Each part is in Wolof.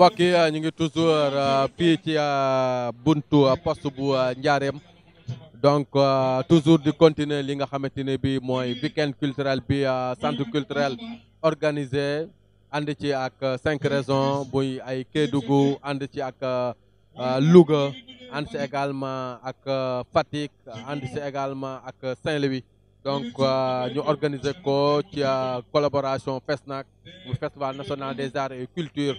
mbokk ah, ñu ngi toujours ah, fii ci ah, buntu poste bu Njaareem donc toujours di continuer li nga xamante ne bi mooy weekend culturel bi centre culturel organisé ànd ci ak cinq raisons buy ay Kédougou ànd ci ak Louga ànd si également ak fatik ànd si également ak Saint-Louis donc ñu organiser ko ci collaboration FESNAC mu festival national des arts et culture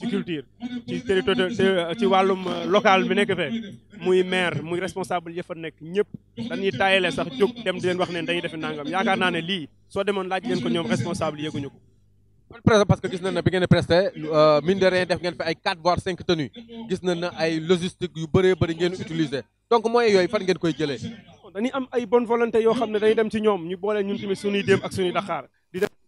ci culture ci territoire ci walum euh, local bi nek fee muy maire muy responsable yëfa nek ñep dañuy taayale sax juk dem di leen wax ne dañuy def nangam yaakaar naa ne li so demone laaj leen ko ñom responsable yéeguñu ko parce que gis na na bi ngeen di presté euh, mine de rien def gën fi ay 4 voire 5 tenues gis na na ay logistique yu bëré bëri gën utiliser donc moy yoy fan gën koy jëlé dañuy am ay bonne volonté yo xam dañuy dem ci ñom ñu bolé ñun timi suñuy dem ak suñuy dakar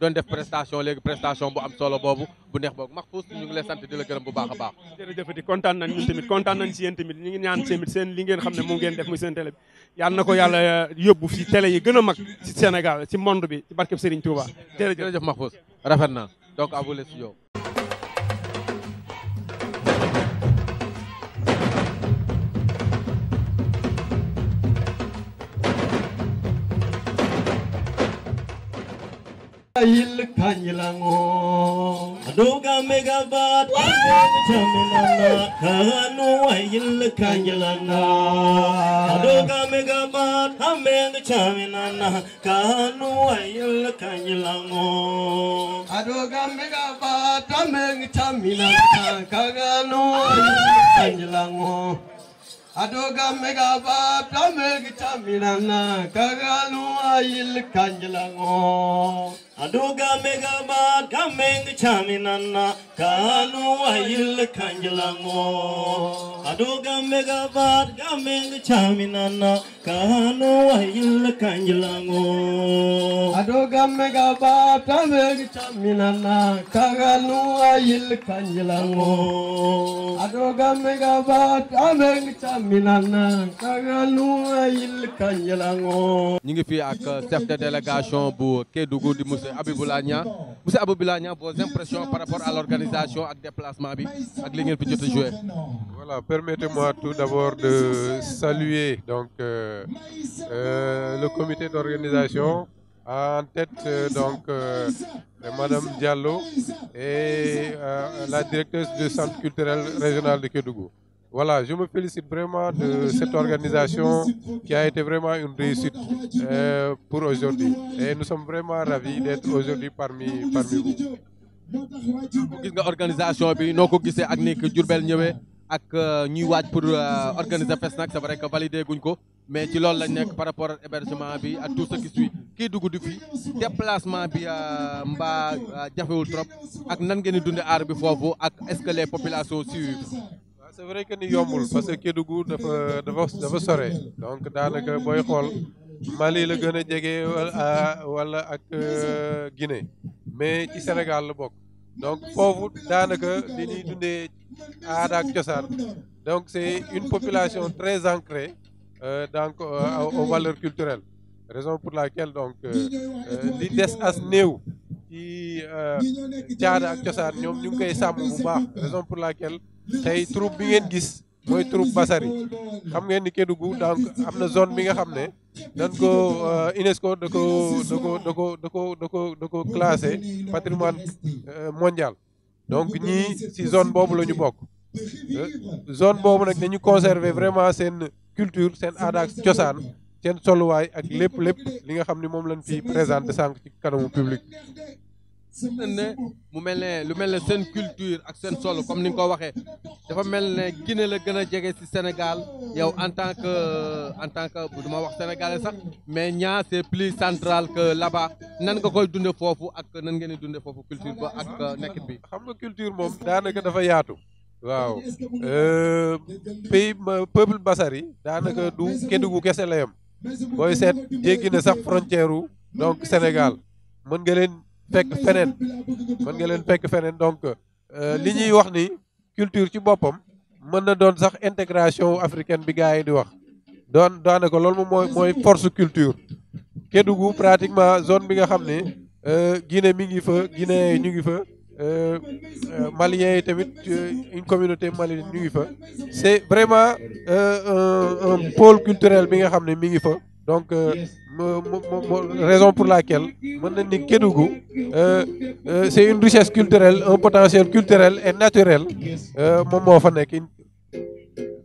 doon def prestation léegi prestation bu am solo boobu bu neex boobu Mahfous ñu ngi lay sant di la gërëm bu baax a baax jërëjëfati kontaan nañ ñun tamit kontaan nañ si yéen tamit ñu ngi ñaan tamit seen li ngeen xam ne moom ngeen def muy seen télé bi na ko yàlla yóbbu si télé yi gën a mag si Sénégal si monde bi ci barkeb Serigne Touba jërëjëf Mahfous rafet na donc à vous les studios il kanyilango adoga megabat jaminana kanu il kanyilana adoga megabat ameng jaminana kanu il kanyilango adoga megabat ameng jaminana kanu il kanyilango adoga megabat kamirana kagalua il kanjalango aduga megama kameng chaminana kagalua il kanjalango aduga megama kameng chaminana kagalua il kanjalango adogamme ga batamegi chaminana kagalnu ayil kanjilango adogamme ga batamegi chaminana kagalnu ayil kanjilango ñu ngi fii ak euh, chef de délégation bu Kédougou du monsieur Abiboulaye Niang monsieur vos impressions par rapport à l'organisation ak déplacement bi ak li fi voilà permettez-moi tout d'abord de saluer donc euh, euh le comité d'organisation en tête euh, donc euh, Madame Diallo et euh, la directrice du Centre culturel régional de Kédougou. Voilà, je me félicite vraiment de cette organisation qui a été vraiment une réussite pour aujourd'hui. Et nous sommes vraiment ravis d'être aujourd'hui parmi, parmi vous. organisation bi ak pour organiser c'est validé guñ mais ci loolu la nek par rapport à hébergement bi ak tout ce qui suit ki dugg du fi déplacement bi euh, mba euh, jafewul trop ak nan ngeen di dundee aar bi foofu ak est-ce que les populations suivent. c'est vrai que ni yombul parce que Kédougou dafa dafa dafa soré donc danaka boy xol Mali la gën a jege euh, wala ak Guinée mais ci Sénégal la bok donc fofu danaka li ni dundé aada ak cosaan donc c'est une population très ancrée. Euh, donc euh, aux valeurs culturelles raison pour laquelle donc euh, as new ci tiara nous raison pour laquelle troupe gis xam ngeen ni donc zone bi nga dañ ko UNESCO de ko patrimoine mondial donc zone bobu nous zone dañu conserver vraiment culture seen aada ak cosaan seen solwaay ak lépp lépp li nga xam ni moom la lañ fi présenté sànq ci kanamu public ne mu mel ne lu mel ne seen culture ak seen solo comme ni nga ko waxee dafa mel ne Guinée la gën a jege si Sénégal yow en tant que en tant que bu duma wax sénégalais sax mais ñaa c'est plus central que là nan nga koy dunde foofu ak nan ngeen di dunde foofu culture ba ak euh, nekk bi xam nga culture moom daanaka dafa yaatu waaw euh, pays peuple basar daanaka ah, du Kédougou kese la yem booy seet jéggi na sax frontière wu donc Sénégal mën nga leen fekk feneen mën nga leen fekk feneen donc euh, li ñuy wax ni culture ci boppam mën na doon sax intégration africaine bi gars yi di wax doon daanaka loolu moom mooy mooy force culture Kédougou pratiquement zone bi nga xam ne euh, Guinée mi ngi fa Guinée ñu ngi fa Euh, euh, Malien était euh, une communauté malienne c'est vraiment un, pôle culturel donc raison pour laquelle c'est une richesse culturelle un potentiel culturel et naturel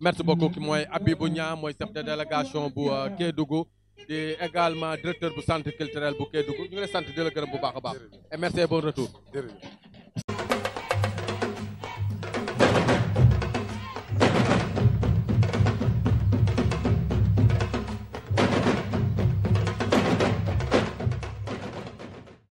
merci beaucoup à moi Abibou chef de délégation pour euh, Kédougou et également directeur du centre culturel de Kédougou Nous sommes le de la merci et bon retour